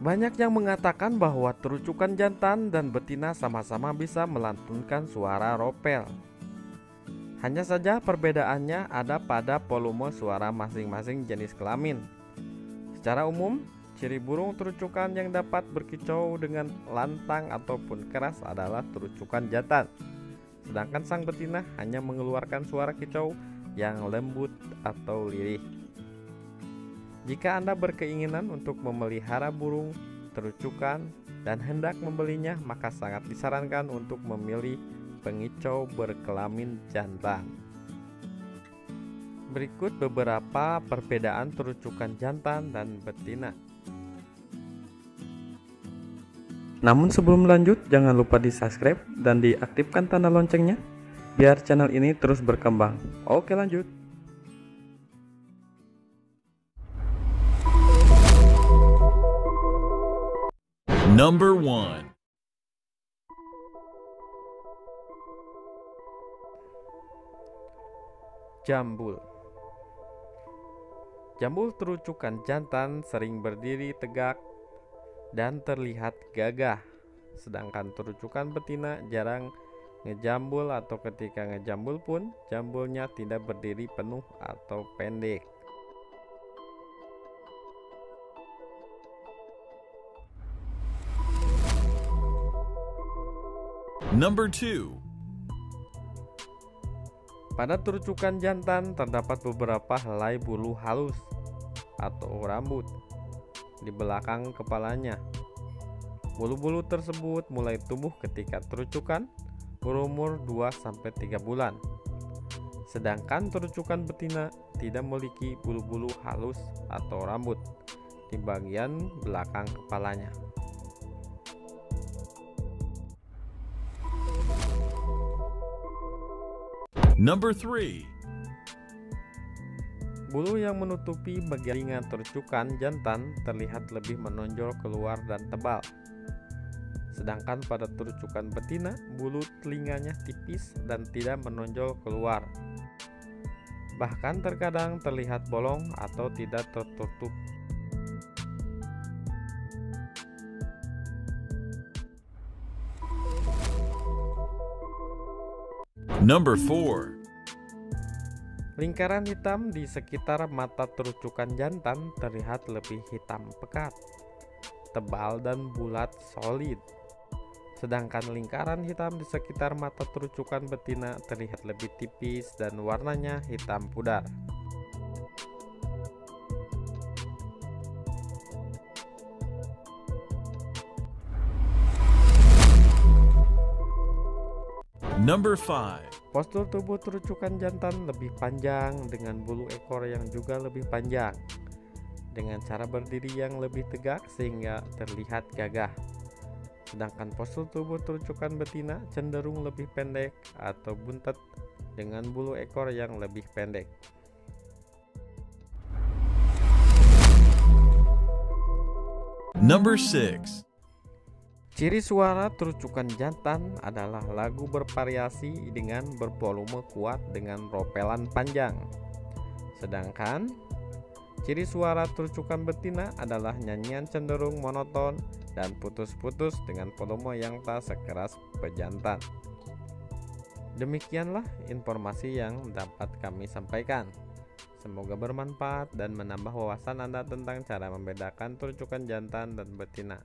Banyak yang mengatakan bahwa terucukan jantan dan betina sama-sama bisa melantunkan suara ropel. Hanya saja perbedaannya ada pada volume suara masing-masing jenis kelamin. Secara umum, ciri burung terucukan yang dapat berkicau dengan lantang ataupun keras adalah terucukan jantan. Sedangkan sang betina hanya mengeluarkan suara kicau yang lembut atau lirih. Jika Anda berkeinginan untuk memelihara burung, terucukan, dan hendak membelinya, maka sangat disarankan untuk memilih pengicau berkelamin jantan. Berikut beberapa perbedaan terucukan jantan dan betina. Namun sebelum lanjut, jangan lupa di subscribe dan diaktifkan tanda loncengnya, biar channel ini terus berkembang. Oke lanjut. Number one. Jambul Jambul terucukan jantan sering berdiri tegak dan terlihat gagah Sedangkan terucukan betina jarang ngejambul atau ketika ngejambul pun jambulnya tidak berdiri penuh atau pendek Number 2 Pada terucukan jantan terdapat beberapa helai bulu halus atau rambut di belakang kepalanya. Bulu-bulu tersebut mulai tumbuh ketika terucukan berumur 2-3 bulan. Sedangkan terucukan betina tidak memiliki bulu-bulu halus atau rambut di bagian belakang kepalanya. Number 3 Bulu yang menutupi bagian ringan tercukan jantan terlihat lebih menonjol keluar dan tebal. Sedangkan pada tercukan betina, bulu telinganya tipis dan tidak menonjol keluar. Bahkan terkadang terlihat bolong atau tidak tertutup Number 4 Lingkaran hitam di sekitar mata terucukan jantan terlihat lebih hitam pekat, tebal dan bulat solid. Sedangkan lingkaran hitam di sekitar mata terucukan betina terlihat lebih tipis dan warnanya hitam pudar. Number 5. Postur tubuh terucukan jantan lebih panjang dengan bulu ekor yang juga lebih panjang. Dengan cara berdiri yang lebih tegak sehingga terlihat gagah. Sedangkan postur tubuh terucukan betina cenderung lebih pendek atau buntet dengan bulu ekor yang lebih pendek. Number 6 Ciri suara terucukan jantan adalah lagu bervariasi dengan bervolume kuat dengan ropelan panjang. Sedangkan ciri suara terucukan betina adalah nyanyian cenderung monoton dan putus-putus dengan volume yang tak sekeras pejantan. Demikianlah informasi yang dapat kami sampaikan. Semoga bermanfaat dan menambah wawasan Anda tentang cara membedakan terucukan jantan dan betina.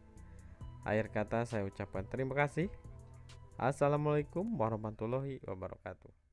Akhir kata saya ucapkan terima kasih. Assalamualaikum warahmatullahi wabarakatuh.